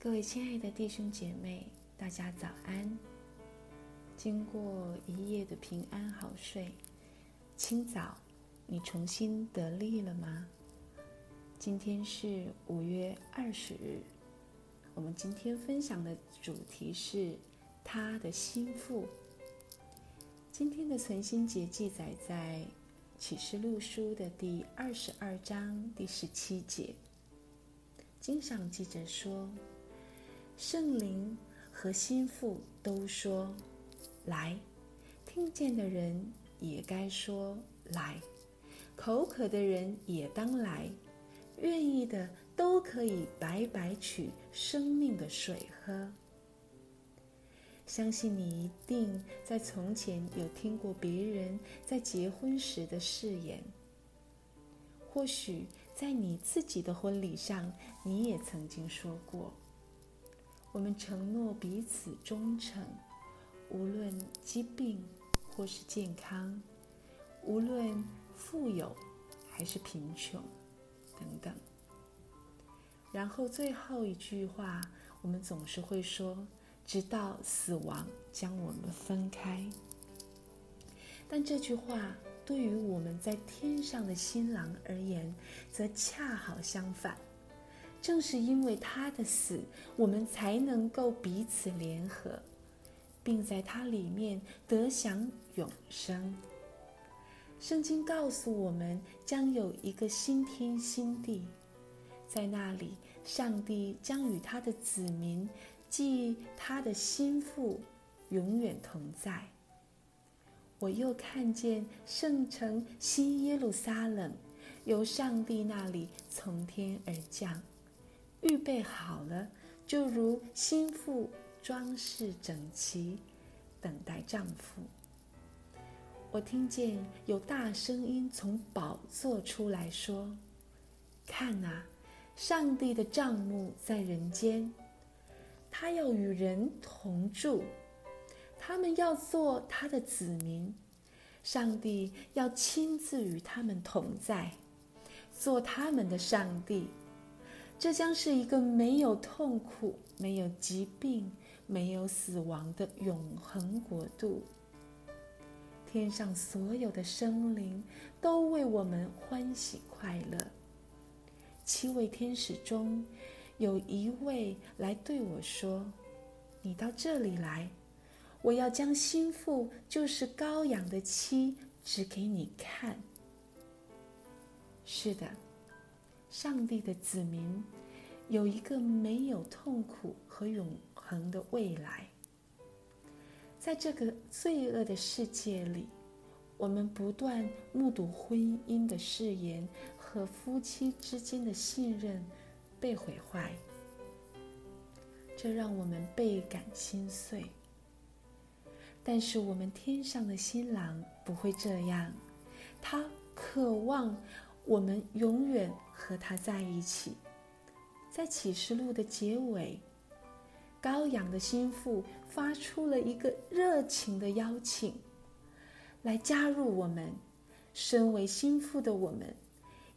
各位親愛的弟兄姐妹，大家早安！經過一夜的平安好睡，清早你重新得力了嗎？今天是五月二十日，我們今天分享的主題是祂的新婦。今天的存心節記載在啟示錄書的第二十二章第十七節，經上記著說聖靈和新婦都說：“來，聽見的人也該說來，口渴的人也當來，願意的都可以白白取生命的水喝。”相信你一定在從前有聽過別人在結婚時的誓言，或許在你自己的婚禮上，你也曾經說過。我們承諾彼此忠誠，無論疾病或是健康，無論富有還是貧窮，等等。然後最後一句話，我們總是會說：“直到死亡將我們分開。”但這句話對於我們在天上的新郎而言，則恰好相反。正是因為他的死，我們才能夠彼此聯合，並在他裡面得享永生。聖經告訴我們，將有一個新天新地，在那裡，上帝將與他的子民，即他的新婦，永遠同在。我又看見聖城新耶路撒冷，由上帝那裡從天而降。預備好了，就如新婦裝飾整齊，等待丈夫。我聽見有大聲音從寶座出來說：“看啊，上帝的帳幕在人間，他要與人同住，他們要做他的子民，上帝要親自與他們同在，做他們的上帝。”這將是一個沒有痛苦、沒有疾病、沒有死亡的永恆國度。天上所有的生靈都為我們歡喜快樂。七位天使中，有一位來對我說：“你到這裡來，我要將新婦，就是羔羊的妻，指給你看。”是的。上帝的子民有一個沒有痛苦和永恆的未來。在這個罪惡的世界裡，我們不斷目睹婚姻的誓言和夫妻之間的信任被毀壞，這讓我們倍感心碎。但是，我們天上的新郎不會這樣，他渴望。我們永遠和他在一起。在啟示錄的結尾，羔羊的新婦發出了一個熱情的邀請，來加入我們。身為新婦的我們，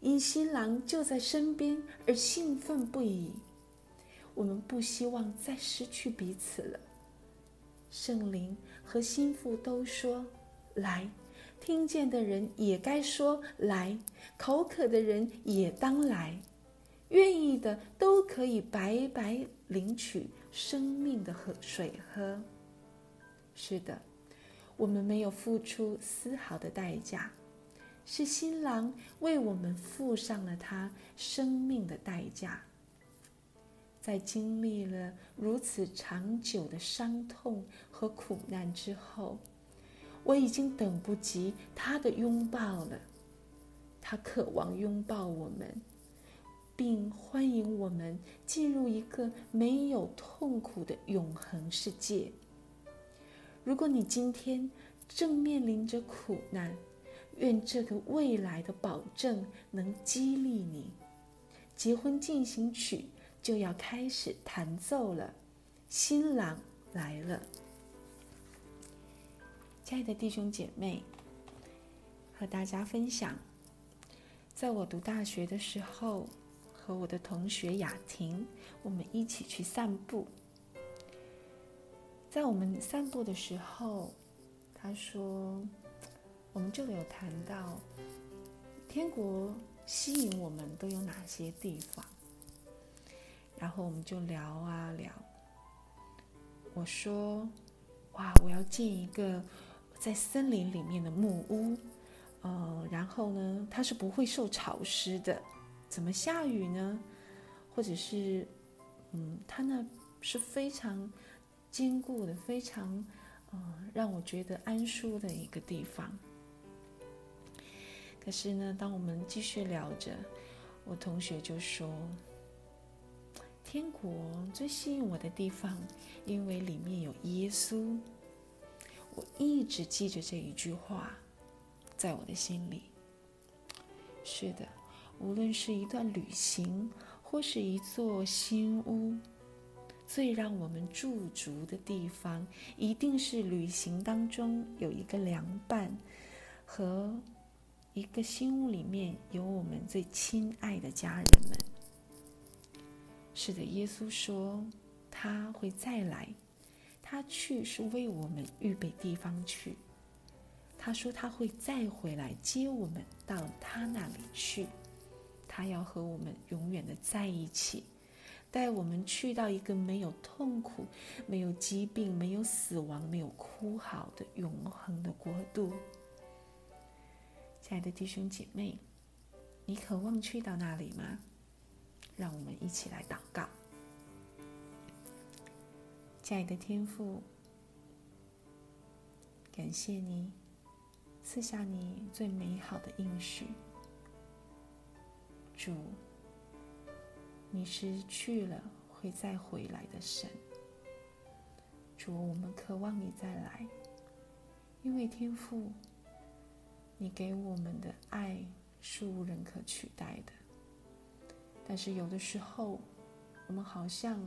因新郎就在身邊而興奮不已。我們不希望再失去彼此了。聖靈和新婦都說：“來。”聽見的人也該說來，口渴的人也當來，願意的都可以白白領取生命的水喝。是的，我們沒有付出絲毫的代價，是新郎為我們付上了他生命的代價。在經歷了如此長久的傷痛和苦難之後。我已經等不及他的擁抱了，他渴望擁抱我們，並歡迎我們進入一個沒有痛苦的永恆世界。如果你今天正面臨着苦難，願這個未來的保證能激勵你。結婚進行曲就要開始彈奏了，新郎來了。親愛的弟兄姐妹，和大家分享，在我讀大學的時候，和我的同學雅婷，我們一起去散步。在我們散步的時候，她說，我們就有談到天國吸引我們都有哪些地方，然後我們就聊啊聊。我說，哇，我要建一個。在森林裡面的木屋，呃，然後呢，它是不會受潮濕的，怎麼下雨呢？或者是，嗯，它呢是非常堅固的，非常，嗯、呃，讓我覺得安舒的一個地方。可是呢，當我們繼續聊着，我同學就說，天國最吸引我的地方，因為裡面有耶穌。我一直記着這一句話，在我的心裡。是的，無論是一段旅行，或是一座新屋，最讓我們駐足的地方，一定是旅行當中有一個良伴，和一個新屋裡面有我們最親愛的家人們。是的，耶穌說他會再來。他去是為我們預備地方去。他說他會再回來接我們到他那裡去。他要和我們永遠的在一起，帶我們去到一個沒有痛苦、沒有疾病、沒有死亡、沒有哭嚎的永恆的國度。親愛的弟兄姐妹，你渴望去到那裡嗎？讓我們一起來禱告。親愛的天父，感謝你賜下你最美好的應許。主，你失去了會再回來的神。主，我們渴望你再來，因為天父，你給我們的愛是無人可取代的。但是有的時候，我們好像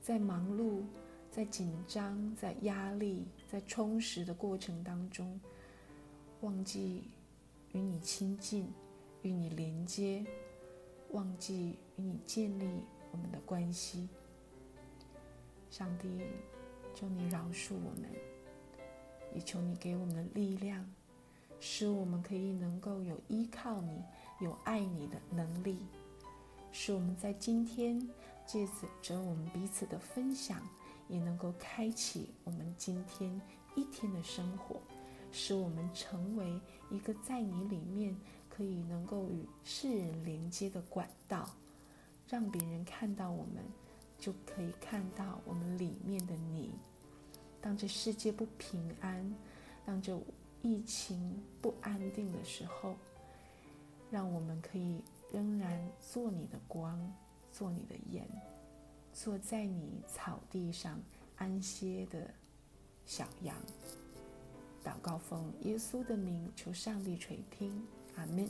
在忙碌。在緊張、在壓力、在充實的過程當中，忘記與你親近、與你連接，忘記與你建立我們的關係。上帝，求你饒恕我們，也求你給我們的力量，使我們可以能夠有依靠你、有愛你的能力，使我們在今天藉著我們彼此的分享，也能夠開啟我們今天一天的生活，使我們成為一個在你裡面可以能夠與世人連接的管道，讓別人看到我們，就可以看到我們裡面的你。當這世界不平安，當這疫情不安定的時候，讓我們可以仍然做你的光，做你的鹽。坐在你草地上安歇的小羊，禱告奉耶穌的名，求上帝垂聽，阿門。